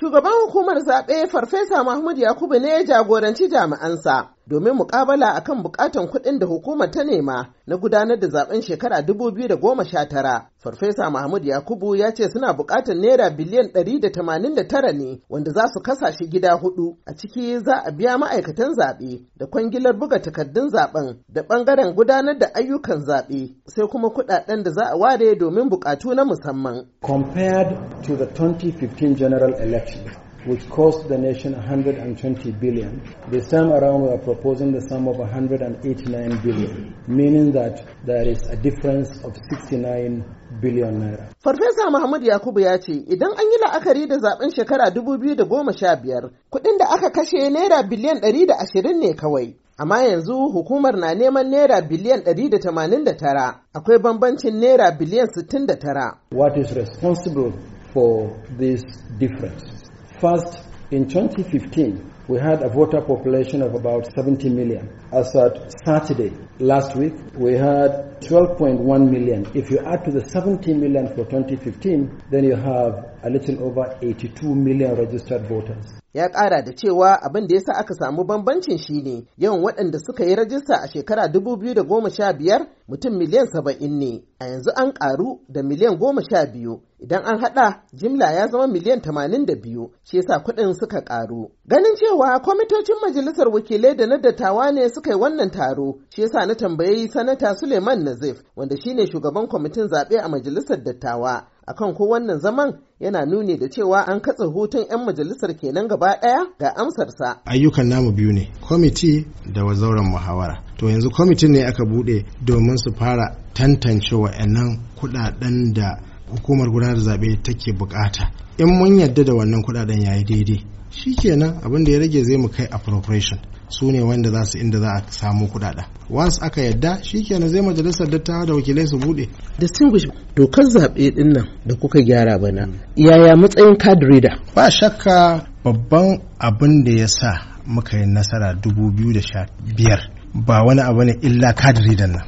Shugaban hukumar zaɓe Farfesa Mahmud Yakubu ne ya jagoranci jami'ansa domin mukabala kan bukatan kuɗin da hukumar ta nema na gudanar da zaben shekara 2019. Farfesa Mahmud Yakubu ya ce suna bukatar naira biliyan 189 ne wanda za su kasa shi gida hudu a ciki za a biya ma'aikatan zaɓe da kwangilar buga takardun zaben da ɓangaren gudanar da ayyukan zaɓe sai kuma kuɗaɗen da za a ware domin bukatu na musamman. Compared to the 2015 general election, which cost the nation 120 billion. This time around we are proposing the sum of 189 billion, meaning that there is a difference of 69 biliyan naira. Farfesa Muhammad Yakubu ya ce idan an yi la'akari da zaben shekara 2015 kuɗin da aka kashe naira biliyan 120 ne kawai. Amma yanzu hukumar na neman naira biliyan 189 akwai bambancin naira biliyan 69. What is responsible for this difference? First, in 2015, We had a voter population of about 70 million. As at Saturday last week, we had 12.1 million. If you add to the 70 million for 2015, then you have a little over 82 million registered voters. ya ƙara da cewa abin da ya sa aka samu bambancin shine yawan waɗanda suka yi rajista a shekara 2015 mutum miliyan 70 ne a yanzu an ƙaru da miliyan 12 idan an haɗa jimla ya zama miliyan 82 shi yasa kuɗin suka ƙaru ganin cewa cewa kwamitocin majalisar wakilai da na dattawa ne suka yi wannan taro shi yasa na tambayi sanata suleiman nazif wanda shine shugaban kwamitin zaɓe a majalisar dattawa akan ko wannan zaman yana nuni da cewa an katse hutun 'yan majalisar kenan gaba ɗaya ga amsarsa ayyukan namu biyu ne kwamiti da wazauran muhawara to yanzu kwamitin ne aka buɗe domin su fara tantance wa'annan kuɗaɗen da hukumar gudanar da zaɓe take bukata in mun yadda da wannan kuɗaɗen yayi daidai shi kenan abin da ya rage zai mu kai appropriation su ne wanda za su inda za a samu kuɗaɗen once aka yadda shi kenan zai majalisar dattawa da wakilai su buɗe distinguish dokar zaɓe ɗin nan da kuka gyara bana yaya matsayin card reader ba shakka babban abin da ya sa muka yi nasara 2015 ba wani abu ne illa card reader nan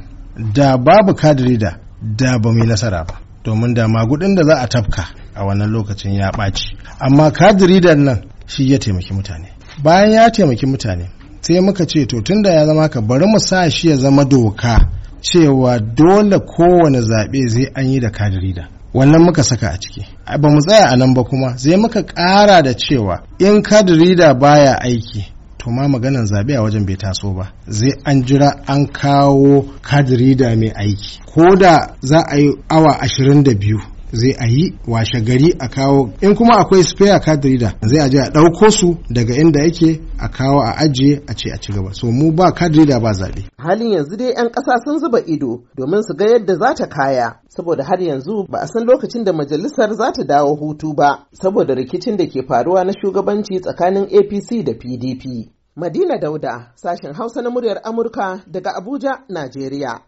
da babu card reader da ba mu yi nasara ba domin da magudin da za a tafka a wannan lokacin ya ɓaci amma kadiridan nan shi ya taimaki mutane bayan ya taimaki mutane sai muka ce to tun da ya zama ka bari mu sa shi ya zama doka cewa dole kowane zaɓe zai an yi da kadirida wannan muka saka a ciki ba mu tsaya a nan ba kuma sai muka ƙara da cewa in kadirida baya aiki to ma maganan zabe a wajen bai taso ba zai an jira an kawo kadirida mai aiki ko da za a yi awa 22 zai a yi washe gari a kawo in kuma akwai spare card reader zai a je a ɗauko su daga inda yake a kawo a ajiye a ce a ci gaba so mu ba card reader ba zaɓe. halin yanzu dai 'yan ƙasa sun zuba ido domin su ga yadda za ta kaya saboda har yanzu ba a san lokacin da majalisar za ta dawo hutu ba saboda rikicin da ke faruwa na shugabanci tsakanin apc da pdp madina dauda sashen hausa na muryar amurka daga abuja najeriya